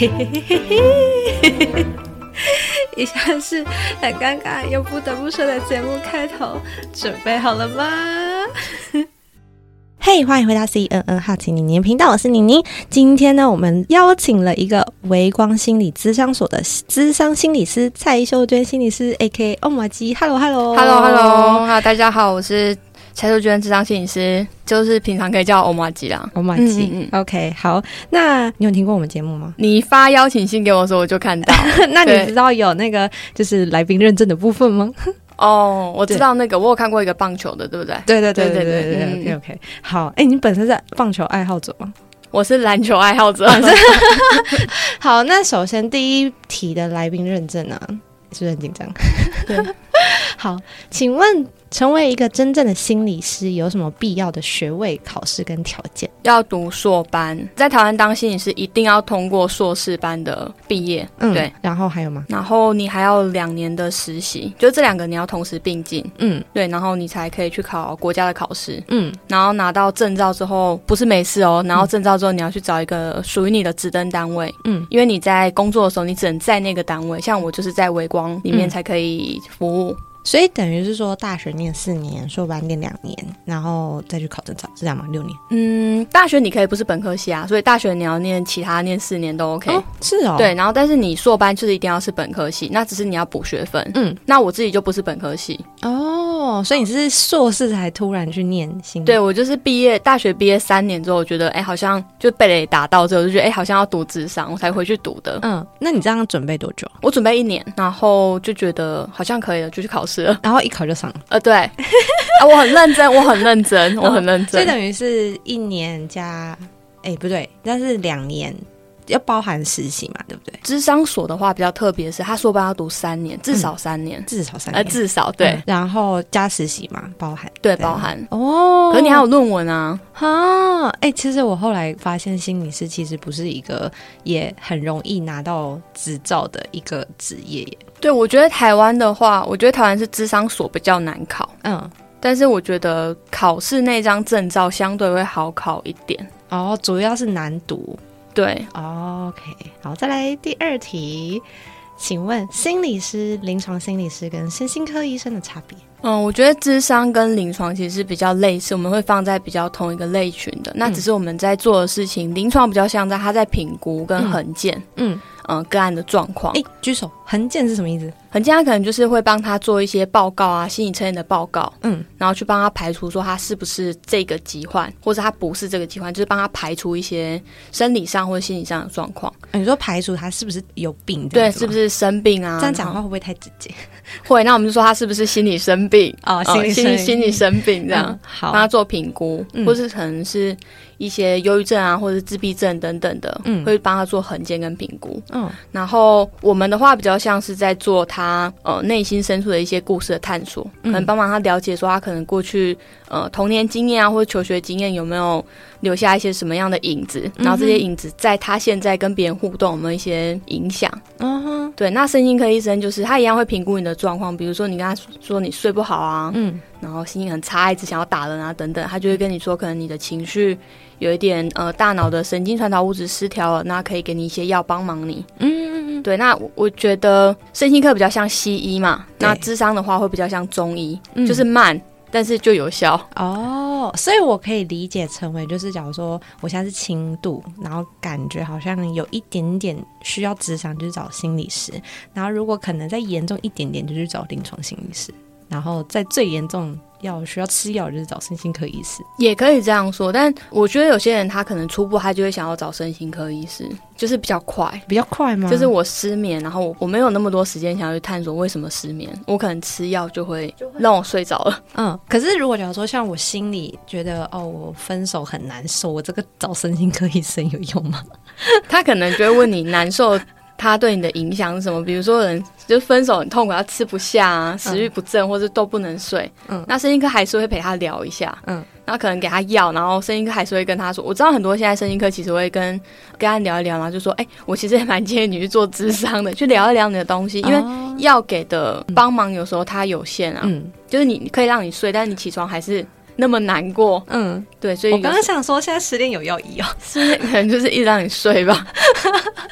嘿嘿嘿嘿嘿，以下是很尷尬又不得不說的節目開頭，準備好了嗎？嘿、hey,，歡迎回到 CNN 好奇寧寧頻道，我是寧寧。今天呢，我們邀請了一個微光心理諮商所的諮商心理師蔡秀娟心理師 AKA 歐瑪基，Hello Hello Hello Hello，大家好，我是。蔡秀娟諮商心理師就是平常可以叫歐瑪吉啦。歐瑪吉。OK，好，那你有聽過我們節目嗎？你發邀請信給我的時候我就看到。 那你知道有那個就是來賓認證的部分嗎？哦、 oh,，我知道那個，我有看過一個棒球的，對不對？對對對對對對對。嗯、okay, OK，好，哎、欸，你本身是棒球愛好者嗎？我是籃球愛好者 。 好，那首先第一題的來賓認證啊，是不是很緊張？ 好，請問。成為一個真正的心理師，有什麼必要的學位、考試跟條件？要讀碩班，在台灣當心理師一定要通過碩士班的畢業。嗯，對。然後還有嗎？然後你還要兩年的實習，就是這兩個你要同時並進。嗯，對。然後你才可以去考國家的考試。嗯。然後拿到證照之後，不是沒事哦。拿到證照之後，你要去找一個屬於你的職登單位。嗯。因為你在工作的時候，你只能在那個單位。像我就是在微光裡面才可以服務。嗯。所以等於是說，大學念四年，碩班念兩年，然後再去考證照，是這樣嗎？六年？嗯，大學你可以不是本科系啊，所以大學你要念其他念四年都 OK、哦。是哦。對，然後但是你碩班就是一定要是本科系，那只是你要補學分。嗯。那我自己就不是本科系哦，所以你是碩士才突然去念新、嗯？對，我就是畢業大學畢業三年之後，我覺得哎、欸，好像就被雷打到，之後就覺得哎、欸，好像要讀諮商，我才回去讀的。嗯，那你這樣準備多久？我準備一年，然後就覺得好像可以了，就去考試。然後一考就上了，呃，對，啊，我很認真， 我很認真，我很認真，這等於是一年加，哎、欸，不對，那是兩年。要包含實習嘛，對不對？諮商所的話比較特別是，他說不他讀三年，至少三年，嗯、至少三年，呃，至少對、嗯，然後加實習嘛，包含對，對，包含哦，可你還有論文啊，哈、啊，哎、欸，其實我後來發現，心理師其實不是一個也很容易拿到執照的一個職業。對，我覺得台灣的話，我覺得台灣是諮商所比較難考，嗯，但是我覺得考試那張證照相對會好考一點哦，主要是難讀。對，OK，好，再來第二題，請問心理師、臨床心理師跟身心科醫生的差別？嗯，我覺得諮商跟臨床其實是比較類似，我們會放在比較同一個類群的，那只是我們在做的事情，臨、嗯、床比較像在他在評估跟衡鑑。嗯，嗯、呃，個案的狀況。哎、欸，舉手，衡鑑是什麼意思？很健康，可能就是會幫他做一些報告啊，心理測驗的報告，嗯，然後去幫他排除說他是不是這個疾患，或者他不是這個疾患，就是幫他排除一些生理上或者心理上的狀況、呃。你說排除他是不是有病？對，是不是生病啊？這樣講話會不會太直接？ 會。那我們就說他是不是心理生病啊、哦？心理、呃、心理心理生病這樣，嗯、好。幫他做評估、嗯，或是可能是一些憂鬱症啊，或者自閉症等等的，嗯，會幫他做衡鑑跟評估，嗯。然後我們的話比較像是在做。他呃內心深處的一些故事的探索，可能幫忙他了解說他可能過去、嗯、呃童年經驗啊或者求學經驗有沒有留下一些什麼樣的影子，嗯，然後這些影子在他現在跟別人互動有沒有一些影響？嗯哼，對。那身心科醫生就是他一樣會評估你的狀況，比如說你跟他說你睡不好啊，嗯，然後心情很差，一直想要打人啊等等，他就會跟你說可能你的情緒。有一點呃、大腦的神經傳導物質失調了，那可以給你一些藥幫忙你。嗯嗯嗯，對。那我覺得身心科比較像西醫嘛，那諮商的話會比較像中醫、嗯，就是慢，但是就有效。哦，所以我可以理解成為就是，假如說我現在是輕度，然後感覺好像有一點點需要諮商，就是找心理師。然後如果可能再嚴重一點點，就去找臨床心理師。然後在最嚴重。要需要吃藥，就是找身心科醫師。也可以這樣說。但我覺得有些人他可能初步他就會想要找身心科醫師，就是比較快，比較快嘛。就是我失眠，然後我，我沒有那麼多時間想要去探索為什麼失眠，我可能吃藥就會讓我睡着了。嗯，可是如果假如說像我心裡覺得哦，我分手很難受，我這個找身心科醫生有用嗎？ 他可能就會問你難受，他對你的影響是什麼？比如說，人就分手很痛苦，他吃不下啊，食欲不振，嗯，或者都不能睡。嗯，那神經科還是會陪他聊一下。嗯，那可能給他藥，然後神經科還是會跟他說：“我知道很多現在神經科其實會跟跟他聊一聊，然後就說：‘哎，欸，我其實也蠻建議你去做諮商的， 去聊一聊你的東西，因為藥給的幫忙有時候它有限啊。’嗯，就是你可以讓你睡，但是你起床還是。”那麼難過，嗯，對，所以，所我剛剛想說，現在十點有藥醫哦，十點可能就是一直讓你睡吧。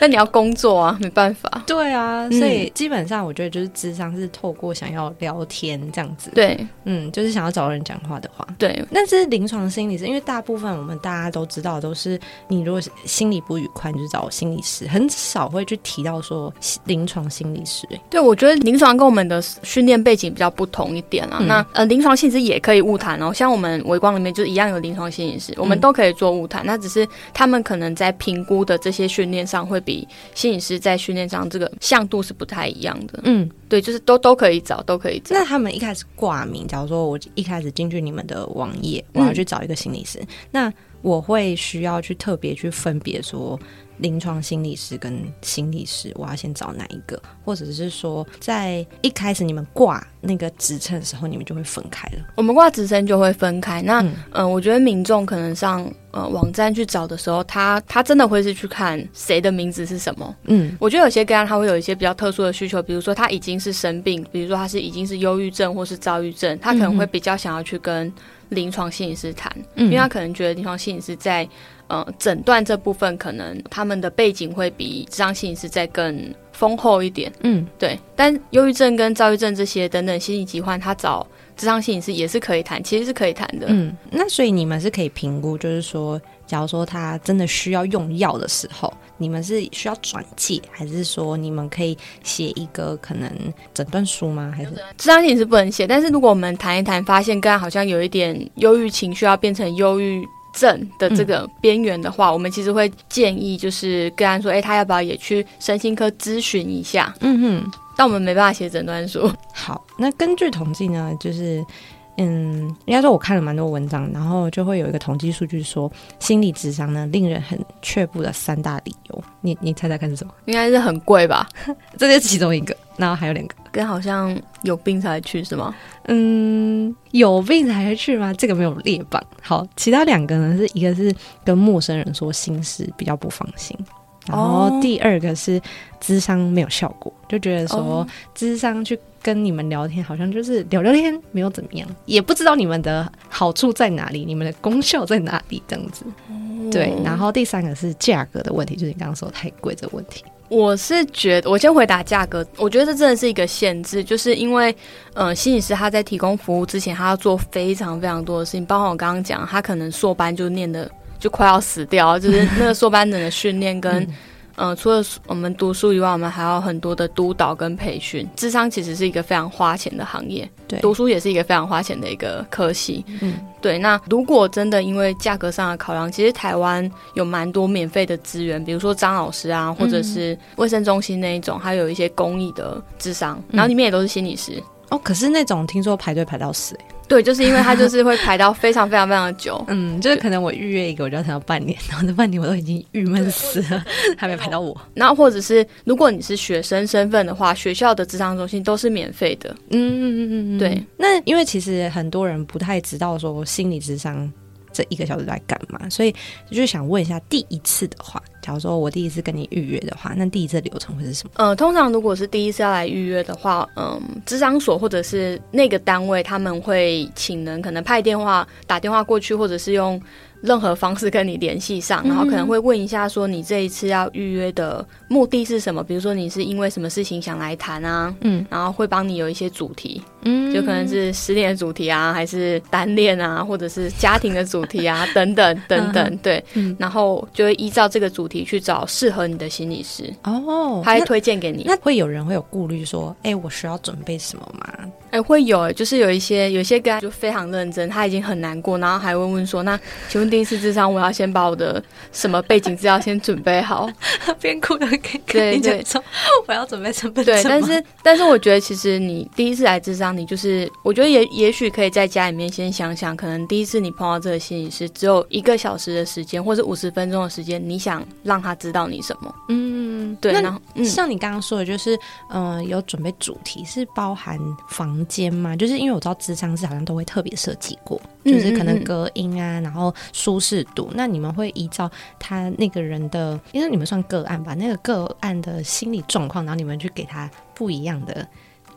那 你要工作啊，沒辦法。對啊，嗯、所以基本上我覺得就是諮商是透過想要聊天這樣子。對，嗯，就是想要找人講話的話。對，但這是臨床心理師，因為大部分我們大家都知道，都是你如果心理不愉快，你就找心理師，很少會去提到說臨床心理師。對，我覺得臨床跟我們的訓練背景比較不同一點啊。嗯、那呃，臨床性質也可以晤談哦，像。我們微光裡面就一樣有臨床心理師，我們都可以做晤談、嗯，那只是他們可能在評估的這些訓練上，會比心理師在訓練上這個向度是不太一樣的。嗯，對，就是都都可以找，都可以找。那他們一開始掛名，假如說我一開始進去你們的網頁，我要去找一個心理師，嗯、那我會需要去特別去分別說。臨床心理師跟心理師，我要先找哪一個？或者是說，在一開始你們掛那個職稱的時候，你們就會分開了？我們掛職稱就會分開。那嗯、呃，我覺得民眾可能上呃網站去找的時候，他他真的會是去看誰的名字是什麼？嗯，我覺得有些個案他會有一些比較特殊的需求，比如說他已經是生病，比如說他是已經是憂鬱症或是躁鬱症，他可能會比較想要去跟臨床心理師談、嗯，因為他可能覺得臨床心理師在。呃，診斷這部分可能他們的背景會比諮商心理師再更豐厚一點。嗯，對。但憂鬱症跟躁鬱症這些等等心理疾患，他找諮商心理師也是可以談，其實是可以談的。嗯，那所以你們是可以評估，就是說，假如說他真的需要用藥的時候，你們是需要轉介，還是說你們可以寫一個可能診斷書嗎？還是、就是、諮商心理師不能寫？但是如果我們談一談，發現個案好像有一點憂鬱情緒要變成憂鬱。症的這個邊緣的話，嗯，我們其實會建議就是跟他說，哎、欸，他要不要也去身心科諮詢一下？嗯哼。但我們沒辦法寫診斷書。好，那根據統計呢，就是。嗯，應該說我看了蠻多文章，然後就會有一個統計數據說，心理諮商呢，令人很卻步的三大理由。你你猜猜看是什麼？應該是很貴吧， 這就是其中一個。然後還有兩個，跟好像有病才去是嗎？嗯，有病才去嗎？這個沒有列榜。好，其他兩個呢，是一個是跟陌生人說心事比較不放心。然後第二個是諮商沒有效果，oh. 就覺得說諮商去跟你們聊天，oh. 好像就是聊聊天沒有怎麼樣，也不知道你們的好處在哪裡，你們的功效在哪裡這樣子。Oh. 對，然後第三個是價格的問題，就是你剛剛說太貴這個問題。我是覺得，我先回答價格，我覺得這真的是一個限制，就是因為嗯、呃，心理師他在提供服務之前，他要做非常非常多的事情，包括我剛剛講，他可能碩班就念的。就快要死掉，就是那個碩班整個訓練跟， 嗯、呃，除了我們讀書以外，我們還有很多的督導跟培訓。諮商其實是一個非常花錢的行業，對，讀書也是一個非常花錢的一個科系，嗯，對。那如果真的因為價格上的考量，其實台灣有蠻多免費的資源，比如說張老師啊，或者是衛生中心那一種，還有一些公益的諮商、嗯，然後裡面也都是心理師。嗯、哦，可是那種聽說排隊排到死、欸。對，就是因為他就是會排到非常非常非常的久， 嗯，就是可能我預約一個，我就要等到半年，然後那半年我都已經鬱悶死了， 還沒排到我。那或者是如果你是學生身份的話，學校的諮商中心都是免費的，嗯嗯嗯嗯，對。那因為其實很多人不太知道說心理諮商這一個小時在幹嘛，所以就想問一下，第一次的話。假如說我第一次跟你預約的話，那第一次的流程會是什麼？呃，通常如果是第一次要來預約的話，嗯、呃，諮商所或者是那個單位，他們會請人可能派電話打電話過去，或者是用任何方式跟你聯繫上，然後可能會問一下說你這一次要預約的目的是什麼？比如說你是因為什麼事情想來談啊？嗯，然後會幫你有一些主題，嗯，就可能是失戀的主題啊，還是單戀啊，或者是家庭的主題啊，等 等等等，等等嗯、對、嗯，然後就會依照這個主題。你去找適合你的心理師哦，oh, 他會推薦給你。那會有人會有顧慮說：“哎、欸，我需要準備什麼嗎？”哎、欸，會有、欸，就是有一些有一些個案就非常認真，他已經很難過，然後還問：‘問說：“那請問第一次諮商， 我要先把我的什麼背景資料先準備好？”邊 哭邊看，對對對，我要準備成本什麼？對，但是但是我覺得其實你第一次來諮商，你就是我覺得也也許可以在家裡面先想想，可能第一次你碰到這個心理師只有一個小時的時間，或者五十分鐘的時間，你想。讓他知道你什麼？嗯，對。那、嗯、像你剛剛說的，就是嗯、呃，有準備主題是包含房間嗎？就是因為我知道諮商室好像都會特別設計過，嗯、就是可能隔音啊嗯嗯，然後舒適度。那你們會依照他那個人的，因為你們算個案吧，那個個案的心理狀況，然後你們去給他不一樣的。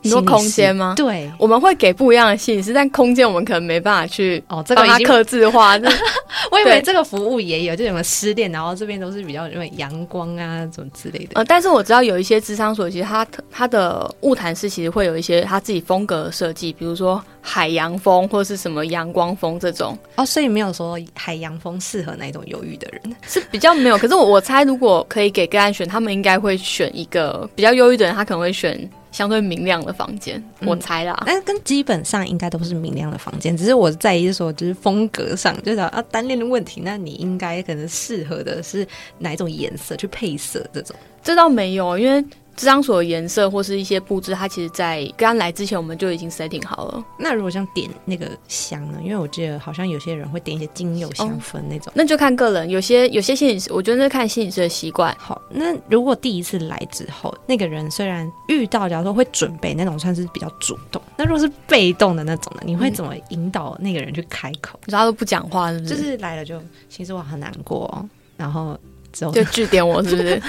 很多你說空間嗎？對，我們會給不一樣的信息，但空間我們可能沒辦法去哦，這個要客製化。 我以為這個服務也有，就什麼失戀，然後這邊都是比較因為陽光啊什麼之類的。呃，但是我知道有一些諮商所，其實他他的晤談室其實會有一些他自己風格的設計，比如說海洋風或是什麼陽光風這種。哦，所以沒有說海洋風適合那種憂鬱的人， 是比較沒有。可是我我猜，如果可以給個案選，他們應該會選一個比較憂鬱的人，他可能會選。相對明亮的房間、嗯，我猜啦，但是跟基本上應該都是明亮的房間，只是我在意說就是風格上，就是啊單戀的問題，那你應該可能適合的是哪一種顏色去配色這種、嗯？這倒沒有，因為。這張所有顏色或是一些布置，它其實，在剛來之前我們就已經 setting 好了。那如果想點那個香呢？因為我記得好像有些人會點一些精油香氛那種、哦。那就看個人，有些有些心理師，我覺得那看心理師的習慣。好，那如果第一次來之後，那個人雖然遇到，假如說會準備那種算是比較主動，那如果是被動的那種呢，你會怎麼引導那個人去開口？他都不講話，就是來了就其實我很難過、哦，然後之後就句點我， 是不是？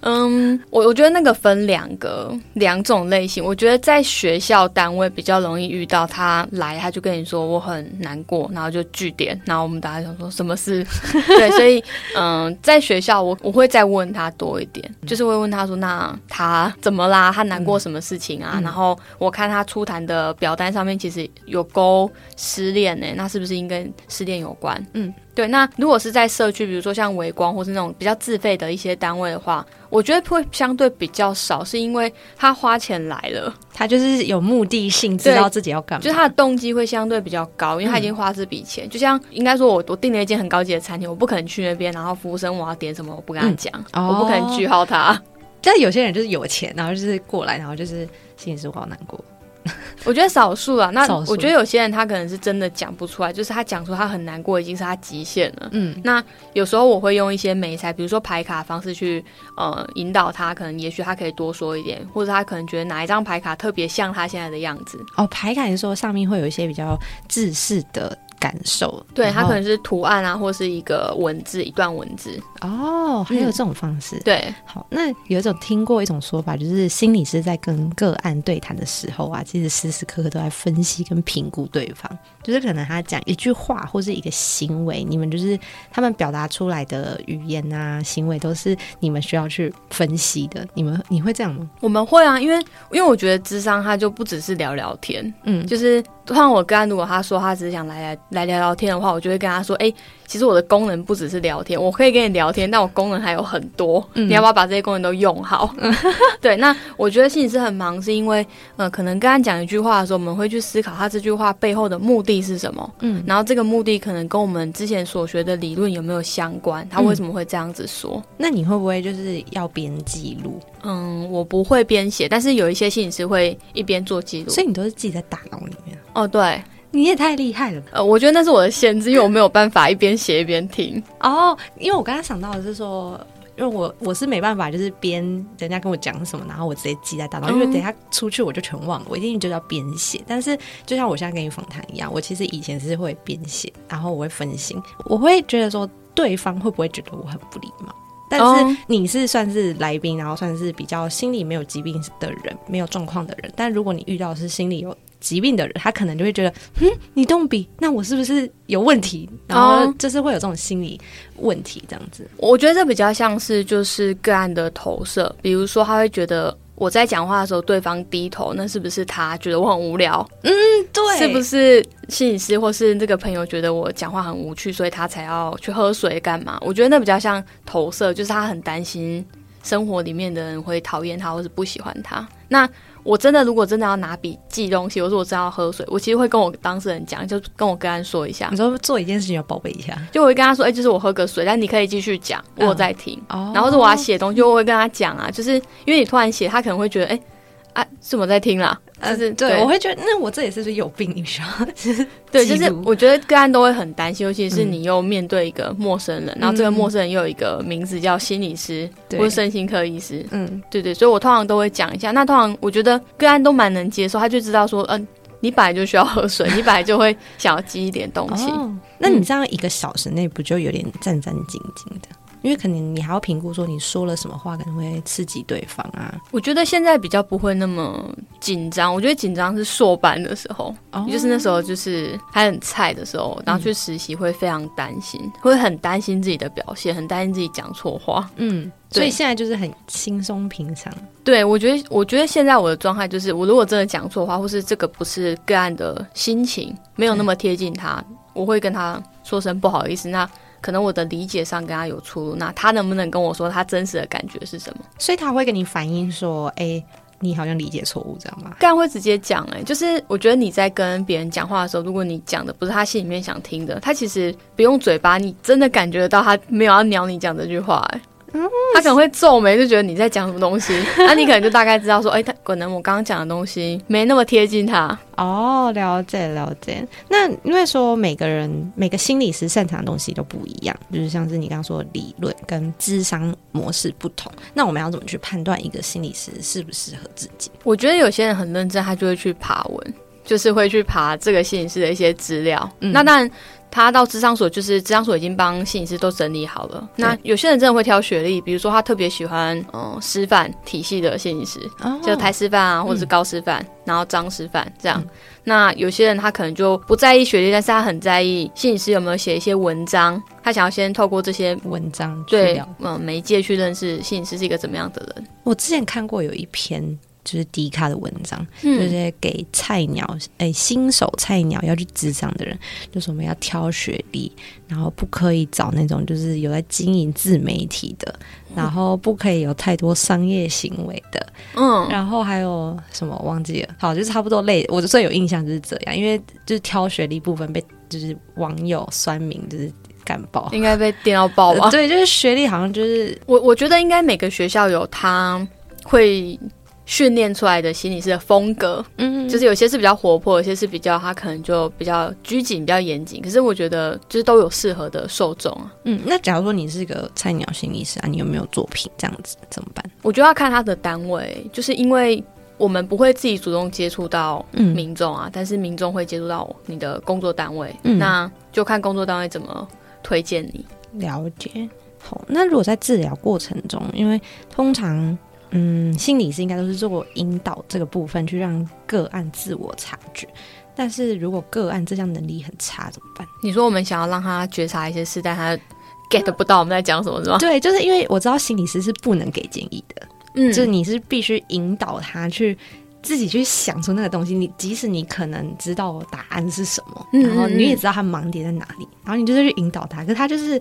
嗯，我我覺得那個分兩個兩種類型。我覺得在學校單位比較容易遇到他來，他就跟你說我很難過，然後就句點，然後我們大家想說什麼事？ 對，所以嗯，在學校我我會再問他多一點， 就是會問他說那他怎麼啦？他難過什麼事情啊？嗯、然後我看他初談的表單上面其實有勾失戀呢，那是不是應該失戀有關？嗯。對，那如果是在社區，比如說像微光，或是那種比較自費的一些單位的話，我覺得會相對比較少，是因為他花錢來了，他就是有目的性，知道自己要幹嘛，就是、他的動機會相對比較高，因為他已經花這筆錢、嗯。就像應該說我，我我訂了一間很高級的餐廳，我不可能去那邊，然後服務生我要點什麼，我不跟他講、嗯哦，我不可能句號他。但有些人就是有錢，然後就是過來，然後就是心裡是我好難過。 我覺得少數啊，那我覺得有些人他可能是真的講不出來，就是他講出他很難過已經是他極限了。嗯，那有時候我會用一些媒材，比如說牌卡方式去呃引導他，可能也許他可以多說一點，或者他可能覺得哪一張牌卡特別像他現在的樣子。哦，牌卡的時候上面會有一些比較制式的。感受，對，它可能是圖案啊，或是一個文字，一段文字哦，還有這種方式，嗯、對。好，那有一種聽過一種說法，就是心理師在跟個案對談的時候啊，其實時時刻刻都在分析跟評估對方。就是可能他講一句話，或是一個行為，你們就是他們表達出來的語言啊、行為，都是你們需要去分析的。你們你會這樣嗎？我們會啊，因為因為我覺得諮商他就不只是聊聊天，嗯，就是像我剛如果他說他只是想來來來聊聊天的話，我就會跟他說，誒、欸。其實我的功能不只是聊天，我可以跟你聊天，但我功能還有很多。嗯、你要不要把這些功能都用好？ 對，那我覺得心理師很忙，是因為呃，可能跟他講一句話的時候，我們會去思考他這句話背後的目的是什麼。嗯，然後這個目的可能跟我們之前所學的理論有沒有相關、嗯？他為什麼會這樣子說？那你會不會就是要邊記錄？嗯，我不會邊寫，但是有一些心理師會一邊做記錄，所以你都是自己在大腦裡面。哦，對。你也太厲害了，呃，我覺得那是我的限制， 因為我沒有辦法一邊寫一邊聽。哦、oh，因為我剛剛想到的是說，因為我我是沒辦法，就是編人家跟我講什麼，然後我直接記在大腦、嗯，因為等一下出去我就全忘了，我一定就要編寫。但是就像我現在跟你訪談一樣，我其實以前是會編寫，然後我會分心，我會覺得說對方會不會覺得我很不禮貌。但是你是算是來賓，然後算是比較心理沒有疾病的人，沒有狀況的人。但如果你遇到的是心理有。疾病的人，他可能就會覺得，嗯，你動筆，那我是不是有問題？然後就是會有這種心理問題，這樣子。Oh, 我覺得這比較像是就是個案的投射，比如說他會覺得我在講話的時候，對方低頭，那是不是他覺得我很無聊？嗯，對，是不是心理師或是這個朋友覺得我講話很無趣，所以他才要去喝水幹嘛？我覺得那比較像投射，就是他很擔心。生活裡面的人會討厭他，或是不喜歡他。那我真的如果真的要拿筆記東西，我說我真的要喝水，我其實會跟我當事人講，就跟我跟他說一下。你說做一件事情要報備一下，就我會跟他說，哎、欸，就是我喝個水，但你可以繼續講、嗯，我在聽、哦。然後是我要寫東西，我會跟他講啊，就是因為你突然寫，他可能會覺得，哎、欸。啊，是我在聽啦，就、呃、是,是對,對我會覺得，那我這也是不是有病？你說， 對，就是我覺得個案都會很擔心，尤其是你又面對一個陌生人、嗯，然後這個陌生人又有一個名字叫心理師嗯嗯或者身心科醫師，嗯，對,對對，所以我通常都會講一下，那通常我覺得個案都蠻能接受，他就知道說，嗯、呃，你本來就需要喝水， 你本來就會想要記一點東西，哦嗯、那你這樣一個小時內不就有點戰戰兢兢的？因為可能你還要評估說你說了什麼話可能會刺激對方啊。我覺得現在比較不會那麼緊張，我覺得緊張是碩班的時候，oh. 就是那時候就是還很菜的時候，然後去實習會非常擔心，嗯、會很擔心自己的表現，很擔心自己講錯話。嗯，所以現在就是很輕鬆平常。對，我覺得我覺得現在我的狀態就是，我如果真的講錯的話，或是這個不是個案的心情沒有那麼貼近他、嗯，我會跟他說聲不好意思。那可能我的理解上跟他有出入，那他能不能跟我說他真實的感覺是什麼？所以他會跟你反映說：“哎、欸，你好像理解錯誤，這樣嗎？”當會直接講哎、欸，就是我覺得你在跟別人講話的時候，如果你講的不是他心裡面想聽的，他其實不用嘴巴，你真的感覺得到他沒有要鳥你講這句話哎、欸。嗯、他可能會皺眉，就覺得你在講什麼東西，那、 啊、你可能就大概知道說，哎、欸，他可能我剛剛講的東西沒那麼貼近他。哦，了解了解。那因為說每個人每個心理師擅長的東西都不一樣，就是像是你剛剛說的理論跟諮商模式不同，那我們要怎麼去判斷一個心理師適不適合自己？我覺得有些人很認真，他就會去爬文，就是會去爬這個心理師的一些資料、嗯。那當然。他到諮商所，就是諮商所已經幫心理師都整理好了。那有些人真的會挑學歷，比如說他特別喜歡嗯、呃、師範體系的心理師，哦，就台師範啊，或者是高師範，嗯，然後彰師範這樣，嗯。那有些人他可能就不在意學歷，但是他很在意心理師有沒有寫一些文章，他想要先透過這些文章對嗯、呃、媒介去認識心理師是一個怎麼樣的人。我之前看過有一篇。就是 Dcard 的文章，嗯，就是給菜鳥哎、欸、新手菜鳥要去職場的人，就是我們要挑學歷，然後不可以找那種就是有在經營自媒體的，然後不可以有太多商業行為的，嗯，然後還有什麼忘記了？好，就是差不多類，我就最有印象就是這樣，因為就是挑學歷部分被就是網友酸民就是感爆，應該被電到爆吧、啊？對，就是學歷好像就是我我覺得應該每個學校有他會。訓練出來的心理師的風格，嗯，嗯，就是有些是比較活潑，有些是比較他可能就比較拘謹、比較嚴謹。可是我覺得就是都有適合的受眾啊。嗯，那假如說你是一個菜鳥心理師啊，你有沒有作品這樣子怎麼辦？我覺得要看他的單位，就是因為我們不會自己主動接觸到民眾啊，嗯，但是民眾會接觸到你的工作單位，嗯，那就看工作單位怎麼推薦你。了解。好，那如果在治療過程中，因為通常。嗯，心理師應該都是做引導這個部分，去讓個案自我察覺。但是如果個案這項能力很差，怎麼辦？你說我們想要讓他覺察一些事，但他 get 不到、嗯、我們在講什麼，是嗎？對，就是因為我知道心理師是不能給建議的，嗯，就是你是必須引導他去自己去想出那個東西。你即使你可能知道答案是什麼、嗯，然後你也知道他盲點在哪裡，然後你就是去引導他，可是他就是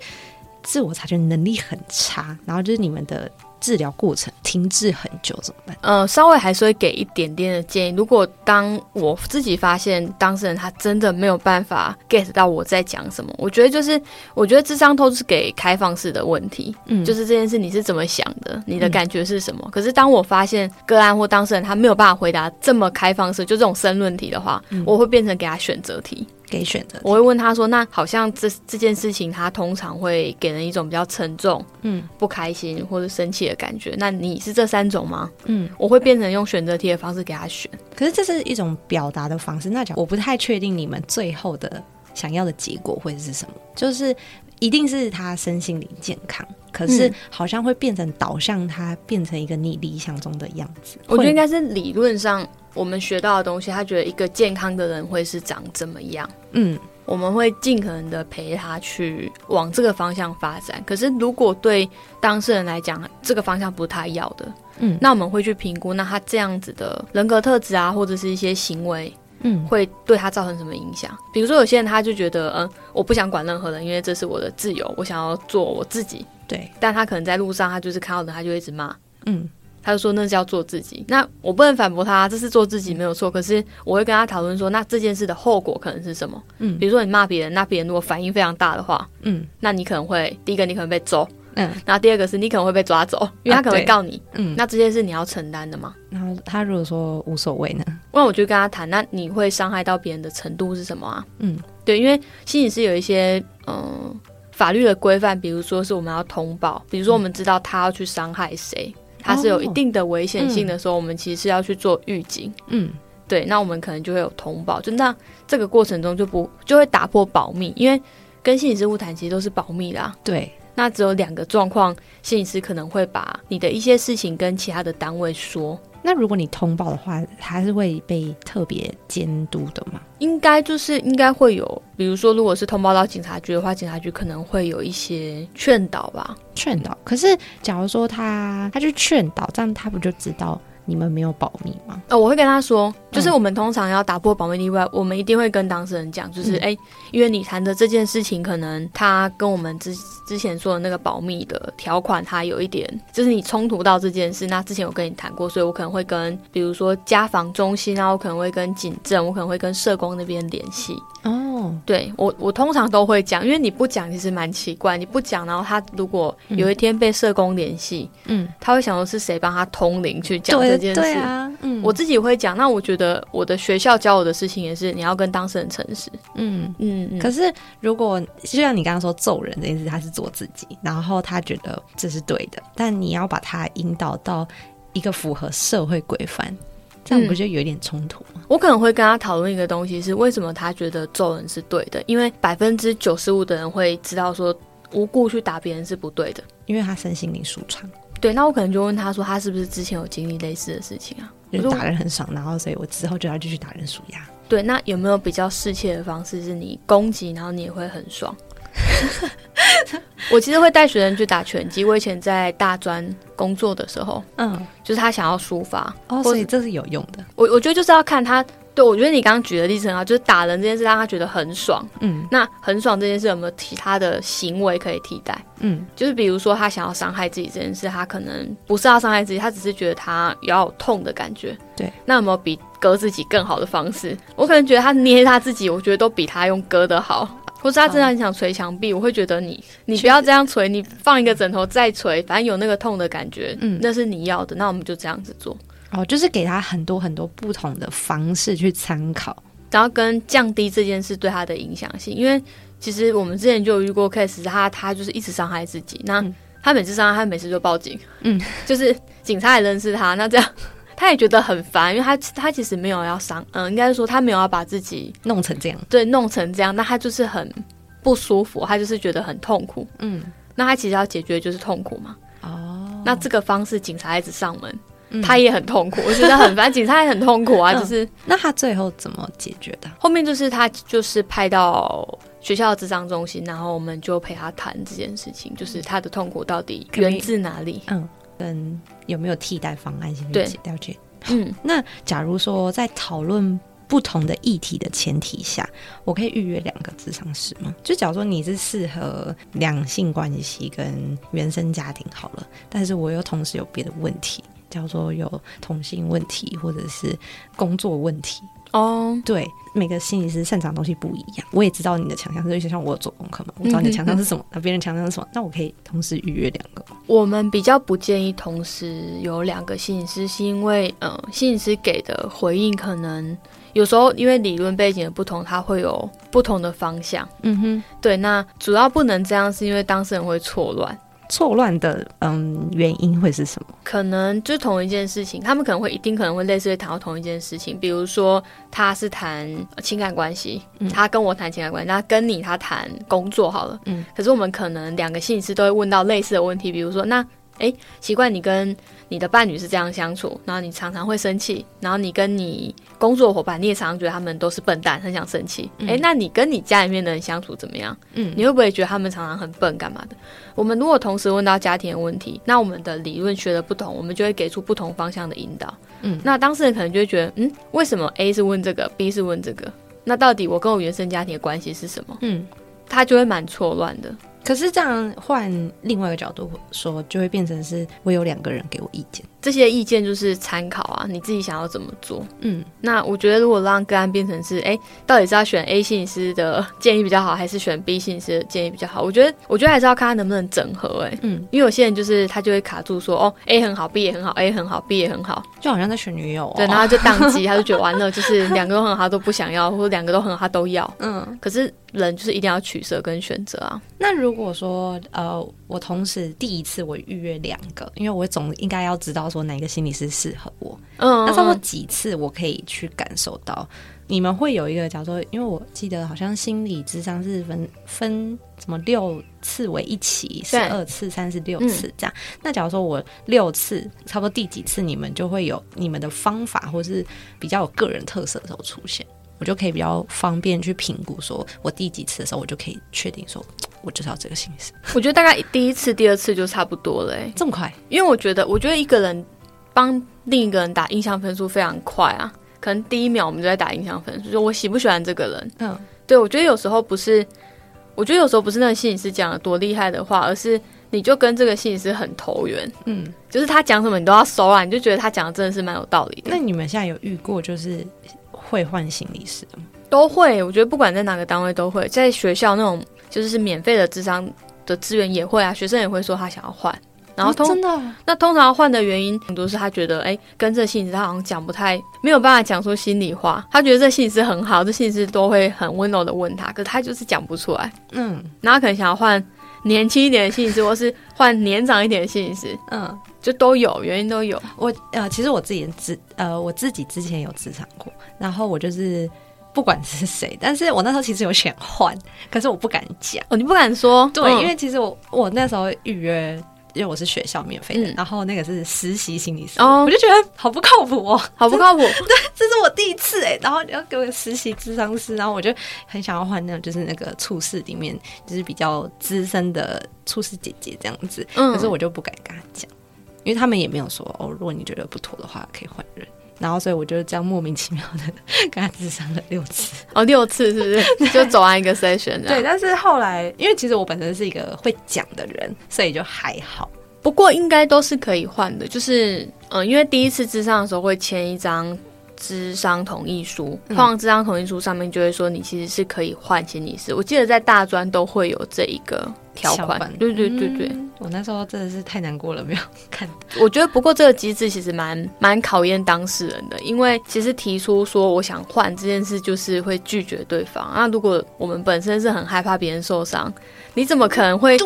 自我察覺能力很差，然後就是你們的。治療過程停滯很久怎麼辦？呃，稍微還是會給一點點的建議。如果當我自己發現當事人他真的沒有辦法 get 到我在講什麼，我覺得就是我覺得諮商都是給開放式的問題，嗯，就是這件事你是怎麼想的，你的感覺是什麼？嗯、可是當我發現個案或當事人他沒有辦法回答這麼開放式，就這種申論題的話、嗯，我會變成給他選擇題。給選擇，我會問他說：“那好像這這件事情，他通常會給人一種比較沉重，嗯，不開心或者生氣的感覺。那你是這三種嗎？”嗯，我會變成用選擇題的方式給他選。可是這是一種表達的方式。那講，我不太確定你們最後的想要的結果會是什麼。就是一定是他身心理健康，可是好像會變成導向他變成一個你理想中的樣子。我覺得應該是理論上。我們學到的東西，他覺得一個健康的人會是長怎麼樣？嗯，我們會盡可能的陪他去往這個方向發展。可是，如果對當事人來講，這個方向不是他要的，嗯，那我們會去評估，那他這樣子的人格特質啊，或者是一些行為，嗯，會對他造成什麼影響？比如說，有些人他就覺得，嗯，我不想管任何人，因為這是我的自由，我想要做我自己。對，但他可能在路上，他就是看到人，他就一直罵，嗯。他就說：“那是要做自己。”那我不能反駁他，這是做自己、嗯、沒有錯。可是我會跟他討論說：“那這件事的後果可能是什麼？”嗯，比如說你罵別人，那別人如果反應非常大的話，嗯，那你可能會第一個你可能被揍，嗯，然後第二個是你可能會被抓走，因為他可能會告你，嗯、啊，那這件事你要承擔的嘛、嗯？然後他如果說無所謂呢？那我就跟他談，那你會傷害到別人的程度是什麼啊？嗯，對，因為心理是有一些嗯、呃、法律的規範，比如說是我們要通報，比如說我們知道他要去傷害誰。嗯它是有一定的危險性的時候、哦嗯，我們其實是要去做預警。嗯，對，那我們可能就會有通報，就那這個過程中就不就會打破保密，因為跟心理師會談其實都是保密啦。對，那只有兩個狀況，心理師可能會把你的一些事情跟其他的單位說。那如果你通報的話，他是會被特別監督的嗎？應該就是應該會有，比如說，如果是通報到警察局的話，警察局可能會有一些勸導吧，勸導。可是，假如說他他去勸導，這樣他不就知道？你們沒有保密嗎？哦，我會跟他說，就是我們通常要打破保密例外，嗯、我們一定會跟當事人講，就是哎、嗯欸，因為你談的這件事情，可能他跟我們之之前說的那個保密的條款，它有一點，就是你衝突到這件事。那之前有跟你談過，所以我可能會跟，比如說家防中心，然後我可能會跟警政，我可能會跟社工那邊聯繫。哦，對我，我通常都會講，因為你不講其實蠻奇怪，你不講，然後他如果有一天被社工聯繫，嗯，嗯，他會想說是誰幫他通靈去講。嗯對啊，嗯，我自己會講。那我覺得我的學校教我的事情也是，你要跟當事人誠實。嗯嗯，嗯。可是如果就像你剛剛說揍人這件事，他是做自己，然後他覺得這是對的，但你要把他引導到一個符合社會規範，這樣不就有點衝突嗎？嗯，我可能會跟他討論一個東西是為什麼他覺得揍人是對的，因為百分之九十五的人會知道說無故去打別人是不對的，因為他身心靈舒暢。對，那我可能就問他說，他是不是之前有經歷類似的事情啊？就是、打人很爽，然後所以我之後就要繼續打人抒壓。對，那有沒有比較適切的方式？是你攻擊，然後你也會很爽？ 我其實會帶學生去打拳擊。我以前在大專工作的時候，嗯，就是他想要抒發哦，所以這是有用的。我我覺得就是要看他。對，我覺得你剛剛舉的例子很好，就是打人這件事讓他覺得很爽。嗯，那很爽這件事有沒有其他的行為可以替代？嗯，就是比如說他想要傷害自己這件事，他可能不是要傷害自己，他只是覺得他要有痛的感覺。對，那有沒有比割自己更好的方式？我可能覺得他捏他自己，我覺得都比他用割的好。或是他真的很想捶牆壁，我會覺得你，你不要這樣捶，你放一個枕頭再捶，反正有那個痛的感覺，嗯，那是你要的，那我們就這樣子做。哦，就是給他很多很多不同的方式去參考，然後跟降低這件事對他的影響性。因為其實我們之前就遇過 case，他他就是一直傷害自己，那他每次傷害，他，每次就報警。嗯，就是警察也認識他，那這樣他也覺得很煩，因為他他其實沒有要傷，嗯，應該是說他沒有要把自己弄成這樣，對，弄成這樣，那他就是很不舒服，他就是覺得很痛苦。嗯，那他其實要解決就是痛苦嘛。哦，那這個方式，警察一直上門。嗯、他也很痛苦，我覺得很煩。警 察也很痛苦啊，就是、嗯、那他最後怎麼解決的？後面就是他就是派到學校諮商中心，然後我們就陪他談這件事情、嗯，就是他的痛苦到底源自哪裡？嗯，嗯，跟有沒有替代方案？先了解對，了解。 嗯，那假如說在討論不同的議題的前提下，我可以預約兩個諮商師嗎？就假如說你是適合兩性關係跟原生家庭好了，但是我又同時有別的問題。叫做有同性問題或者是工作問題哦，oh. 對，每個心理師擅長的東西不一樣。我也知道你的強項，所以就像我有做功課嘛，我知道你的強項是什麼，那別人強項是什麼，那我可以同時預約兩個。我們比較不建議同時有兩個心理師，是因為嗯，心理師給的回應可能有時候因為理論背景的不同，它會有不同的方向。 嗯哼，對，那主要不能這樣，是因為當事人會錯亂。錯亂的嗯原因會是什麼？可能就同一件事情，他們可能會一定可能會類似會談到同一件事情，比如說他是談情感關係，嗯、他跟我談情感關係，他跟你他談工作好了，嗯，可是我們可能兩個心理師都會問到類似的問題，比如說那哎，奇怪，習慣你跟你的伴侶是這樣相處，然後你常常會生氣，然後你跟你工作伙伴你也常常覺得他們都是笨蛋，很想生氣，哎、嗯，那你跟你家裡面的人相處怎麼樣？嗯，你會不會覺得他們常常很笨，干嘛的？我們如果同時問到家庭的問題，那我們的理論學的不同，我們就會給出不同方向的引導。嗯，那當事人可能就會覺得，嗯，為什麼 A 是問這個，B 是問這個？那到底我跟我原生家庭的關係是什麼？嗯，他就會蠻錯亂的。可是這樣換另外一個角度說，就會變成是，我有兩個人給我意見。這些意見就是參考啊，你自己想要怎麼做？嗯，那我覺得如果讓個案變成是，哎、欸，到底是要選 A 心理師的建議比較好，還是選 B 心理師的建議比較好？我覺得，我覺得還是要看他能不能整合、欸。哎，嗯，因為有些人就是他就會卡住說，說哦 A 很好，B 也很好，A 很好，B 也很好，就好像在選女友、哦。對，然後就當機，他就覺得完了， 就是兩個都很好他都不想要，或者兩個都很好他都要。嗯，可是人就是一定要取舍跟選擇啊。那如果說呃。我同時第一次我預約兩個，因為我總應該要知道說，哪個心理師適合我。嗯、oh.，那差不多幾次我可以去感受到，你們會有一個，假如說，因為我記得好像心理諮商是分分什麼六次為一起，十二次、三十六次這樣、嗯。那假如說我六次，差不多第幾次你們就會有你們的方法，或是比較有個人特色的時候出現，我就可以比較方便去評估，說我第幾次的時候，我就可以確定說。我知道這個心理師。我覺得大概第一次、第二次就差不多了欸。這麼快？因為我覺得，我覺得一個人幫另一個人打印象分數非常快啊。可能第一秒我們就在打印象分數，就我喜不喜歡這個人。嗯，對我覺得有時候不是，我覺得有時候不是那個心理師講得多厲害的話，而是你就跟這個心理師很投緣。嗯，就是他講什麼你都要收了啊，你就覺得他講的真的是蠻有道理的。那你們現在有遇過就是會換心理師的嗎？都會。我覺得不管在哪個單位都會，在學校那種。就是免費的諮商的資源也會啊，學生也會說他想要換，然後通、啊真的啊、那通常換的原因很多是他覺得哎、欸，跟這心理師他好像講不太沒有辦法講出心裡話，他覺得這心理師很好，這心理師都會很溫柔的問他，可是他就是講不出來，嗯，然後可能想要換年輕一點的心理師，或是換年長一點的心理師， 嗯，就都有原因都有。我呃，其實我自己之呃我自己之前有諮商過，然後我就是。不管是誰，但是我那時候其實有想換，可是我不敢講。哦，你不敢說？對，對因為其實我我那時候預約，因為我是學校免費的、嗯，然後那個是實習心理師、哦，我就覺得好不靠譜哦、喔，好不靠譜。對，這是我第一次哎、欸，然後你要給我實習諮商師，然後我就很想要換那種就是那個處室裡面就是比較資深的處室姐姐這樣子、嗯，可是我就不敢跟他講，因為他們也沒有說哦，如果你覺得不妥的話，可以換人。然後，所以我就這樣莫名其妙的跟他諮商了六次 哦，六次是不是 就走完一個篩選？對，但是後來，因為其實我本身是一個會講的人，所以就還好。不過應該都是可以換的，就是嗯，因為第一次諮商的時候會簽一張。諮商同意書，換諮商同意書上面就會說，你其實是可以換心理諮詢師。我記得在大專都會有這一個條款，對對對，對，對。我那時候真的是太難過了，沒有看。我覺得不過這個機制其實蠻蠻考驗當事人的，因為其實提出說我想換這件事，就是會拒絕對方，那如果我們本身是很害怕別人受傷，你怎麼可能會？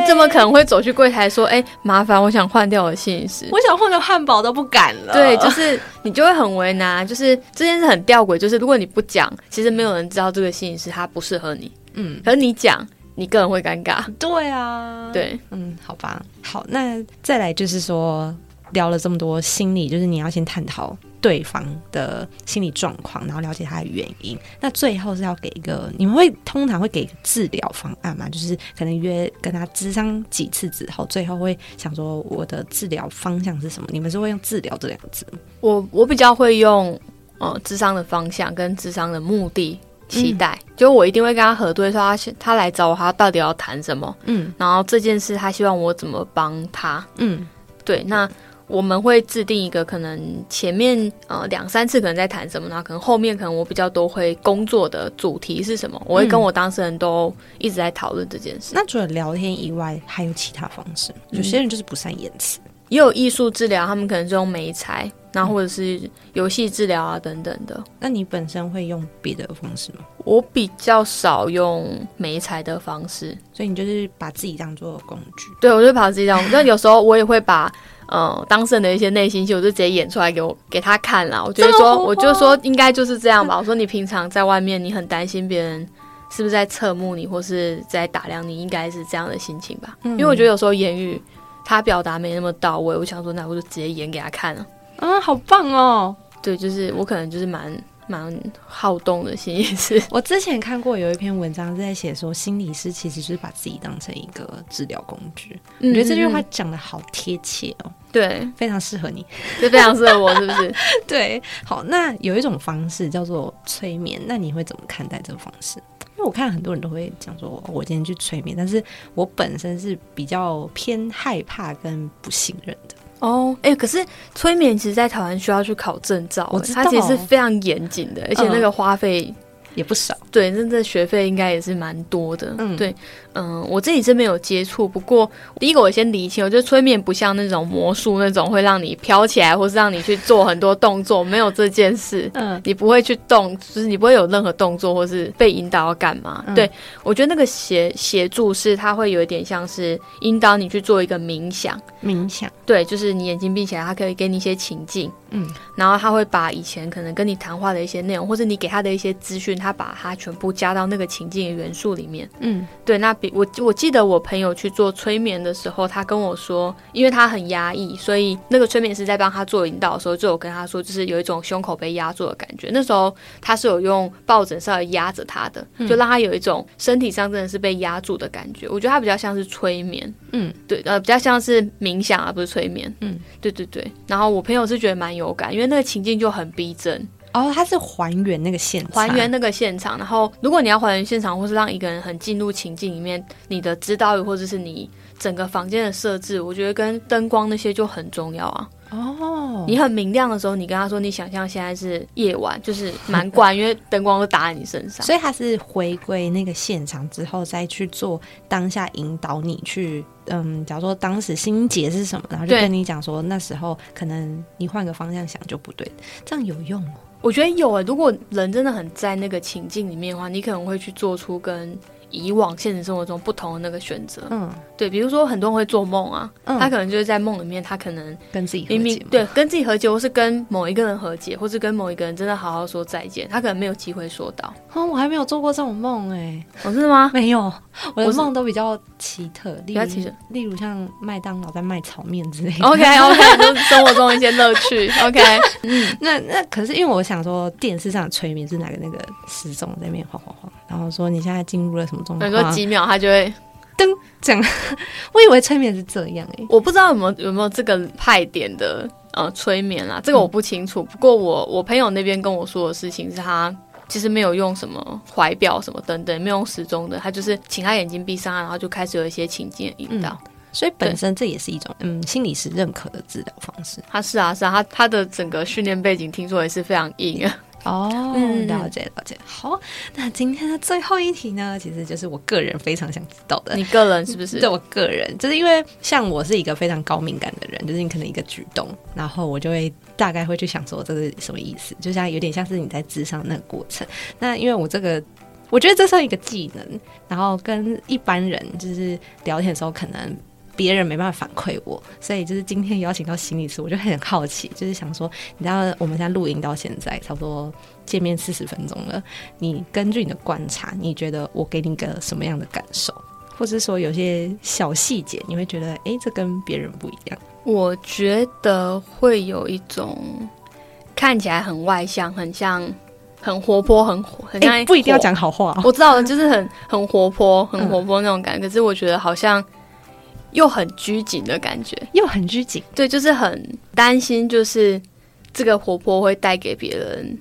你怎麼可能會走去櫃檯說：“哎、欸，麻煩，我想換掉我的心理師，我想換個漢堡都不敢了。”對，就是你就會很為難，就是這件事很吊詭，就是如果你不講，其實沒有人知道這個心理師他不適合你，嗯，可是你講，你個人會尷尬。對啊，對，嗯，好吧，好，那再來就是說聊了這麼多心理，就是你要先探討。對方的心理狀況，然後了解他的原因。那最後是要給一個，你們會通常會給一個治療方案嘛？就是可能約跟他諮商幾次之後，最後會想說我的治療方向是什麼？你們是會用治療這兩個字？我我比較會用呃，諮商的方向跟諮商的目的、期待，嗯、就我一定會跟他核對說他他來找我，他到底要談什麼？嗯，然後這件事他希望我怎麼幫他？嗯，對，那。我們會制定一個可能前面呃兩三次可能在談什麼呢？然後可能後面可能我比較多會工作的主題是什麼，嗯。我會跟我當事人都一直在討論這件事。那除了聊天以外，還有其他方式嗎，嗯？有些人就是不善言辭，也有藝術治療，他們可能是用媒材，那或者是遊戲治療啊、嗯、等等的。那你本身會用別的方式嗎？我比較少用媒材的方式。所以你就是把自己當做工具。對，我就把自己當。那 有時候我也會把。嗯，當事人的一些內心戲，我就直接演出來給我給他看了。我覺得說，啊，我就說應該就是這樣吧、嗯。我說你平常在外面，你很擔心別人是不是在側目你，或是在打量你，應該是這樣的心情吧、嗯。因為我覺得有時候言語他表達沒那麼到位，我想說，那我就直接演給他看了、啊。嗯，好棒哦！對，就是我可能就是蠻。蠻好動的心理師。我之前看過有一篇文章是在寫說，心理師其實是把自己當成一個治療工具，嗯嗯。我覺得這句話講得好貼切哦，對，非常適合你，就非常適合我， 是不是？對，好，那有一種方式叫做催眠，那你會怎麼看待這個方式？因為我看很多人都會講說，我今天去催眠，但是我本身是比較偏害怕跟不信任的。哦，哎，可是催眠其實，在台灣需要去考證照。欸，我知道、它其實是非常嚴謹的，而且那個花費，嗯。也不少，對，那這學費應該也是蠻多的。嗯，對，嗯、呃，我自己是沒有接觸，不過第一個我先理清，我覺得催眠不像那種魔術，那種會讓你飄起來，或是讓你去做很多動作， 沒有這件事。嗯、呃，你不會去動，就是你不會有任何動作，或是被引導要幹嘛、嗯。對，我覺得那個協協助是，他會有一點像是引導你去做一個冥想，冥想。對，就是你眼睛閉起來，他可以給你一些情境。嗯，然後他會把以前可能跟你談話的一些內容，或者你給他的一些資訊。他把它全部加到那個情境的元素裡面。嗯，對。那比我我記得我朋友去做催眠的時候，他跟我說，因為他很壓抑，所以那個催眠師在幫他做引導的時候，就有跟他說，就是有一種胸口被壓住的感覺。那時候他是有用抱枕上來壓着他的、嗯，就讓他有一種身體上真的是被壓住的感覺。我覺得他比較像是催眠。嗯，對，呃，比較像是冥想而、啊、不是催眠。嗯，對對對。然後我朋友是覺得蠻有感，因為那個情境就很逼真。哦，它是還原那個現場，還原那個現場。然後，如果你要還原現場，或是讓一個人很進入情境裡面，你的指導語或者是你整個房間的設置，我覺得跟燈光那些就很重要啊。哦，你很明亮的時候，你跟他說你想象現在是夜晚，就是蠻怪， 因為燈光都打在你身上。所以他是回歸那個現場之後，再去做當下引導你去，嗯，假如說當時心結是什麼，然後就跟你講說那時候可能你換個方向想就不對，這樣有用嗎？我覺得有啊、欸，如果人真的很在那個情境裡面的話，你可能會去做出跟以往現實生活中不同的那個選擇，嗯，對，比如說很多人會做夢啊、嗯，他可能就是在夢裡面，他可能跟自己和解明明，對，跟自己和解，或是跟某一個人和解，或是跟某一個人真的好好說再見，他可能沒有機會說到。哦，我還沒有做過這種夢哎、欸，真 的、哦、嗎？沒有，我的夢都比較奇特， 例如，例如像麥當勞在賣炒面之類的。OK OK， 就是生活中一些樂趣。OK， 嗯，那那可是因為我想說，電視上的催眠是哪個那個時鐘在那邊晃晃晃？然後說，你現在進入了什麼狀態？等個幾秒他就會噔，這我以為催眠是這樣哎、欸，我不知道有沒有有沒有這個派點的呃催眠啊，這個我不清楚。嗯、不過我我朋友那邊跟我說的事情是，他其實沒有用什麼懷表什麼等等，沒有用時鐘的，他就是請他眼睛閉上，然後就開始有一些情境引導、嗯。所以本身這也是一種嗯心理師認可的治療方式。他是啊是啊，他他的整個訓練背景聽說也是非常硬啊。哦、oh, 嗯，了解了解。好，那今天的最後一題呢？其實就是我個人非常想知道的。你個人是不是，對我個人，就是因為像我是一個非常高敏感的人，就是你可能一個舉動，然後我就會大概會去想說這是什麼意思，就像有點像是你在諮商那個過程。那因為我這個，我覺得這是一個技能，然後跟一般人就是聊天的時候可能。別人沒辦法反饋我，所以就是今天邀請到心理師，我就很好奇，就是想說，你知道我們現在錄音到現在，差不多見面四十分鐘了，你根據你的觀察，你覺得我給你個什麼樣的感受，或者說有些小細節，你會覺得哎、欸，這跟別人不一樣？我覺得會有一種看起來很外向，很像很活潑，很活，很像一、欸、不一定要講好話、哦，我知道，就是很很活潑，很活潑那種感覺、嗯。可是我覺得好像。又很拘謹的感覺，又很拘謹，對，就是很擔心，就是這個活潑會帶給別人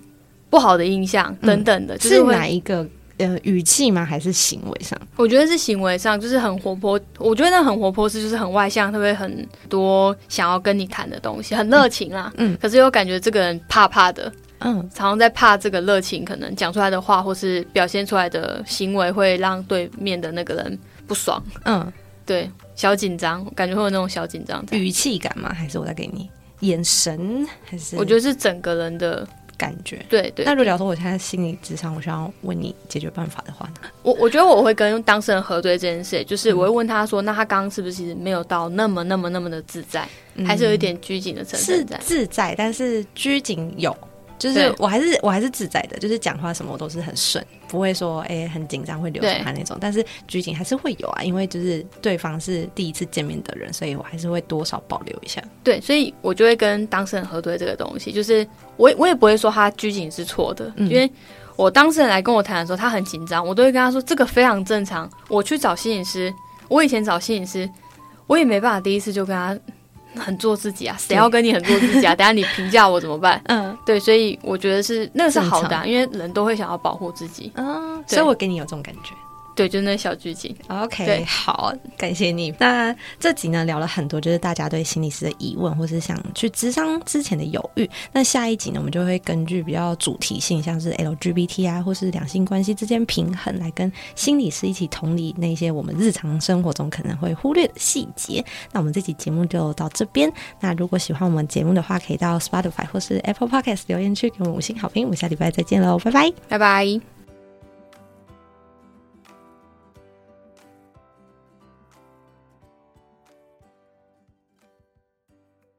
不好的印象、嗯、等等的、就是。是哪一個呃語氣嗎？還是行為上？我覺得是行為上，就是很活潑。我覺得那很活潑是就是很外向，特別很多想要跟你談的東西，很熱情啦嗯。嗯，可是又感覺這個人怕怕的，嗯，常常在怕這個熱情可能講出來的話或是表現出來的行為會讓對面的那個人不爽。嗯。對，小緊張，感覺會有那種小緊張。語氣感嗎？還是我在給你眼神？還是我覺得是整個人的感覺。對對，對。那如果聊到我現在心理諮商，我想要問你解決辦法的話呢？我我覺得我會跟當事人核對這件事，就是我會問他說：“嗯、那他剛剛是不是其實沒有到那麼那麼那麼的自在，嗯、還是有一點拘謹的程度？自在，但是拘謹有，就是我還是我還是自在的，就是講話什麼我都是很順。不會說哎、欸，很緊張會流出來那種，但是拘謹還是會有啊，因為就是對方是第一次見面的人，所以我還是會多少保留一下。對，所以我就會跟當事人核對這個東西，就是我也我也不會說他拘謹是錯的、嗯，因為我當事人來跟我談的時候，他很緊張，我都會跟他說這個非常正常。我去找心理師，我以前找心理師，我也沒辦法第一次就跟他。很做自己啊，誰要跟你很做自己啊？等下你評價我怎麼辦？ 嗯，對，所以我覺得是那個是好的、啊，因為人都會想要保護自己、嗯對，所以我給你有這種感覺。對，就那小劇情。OK，對，好，感謝你。那這集呢，聊了很多，就是大家對心理師的疑問，或是想去諮商之前的猶豫。那下一集呢，我們就會根據比較主題性，像是 LGBT 啊，或是兩性關係之間平衡，來跟心理師一起同理那些我們日常生活中可能會忽略的細節。那我們這集節目就到這邊。那如果喜歡我們節目的話，可以到 Spotify 或是 Apple Podcast 留言區給我們五星好評。我們下禮拜再見嘍，拜拜，拜拜。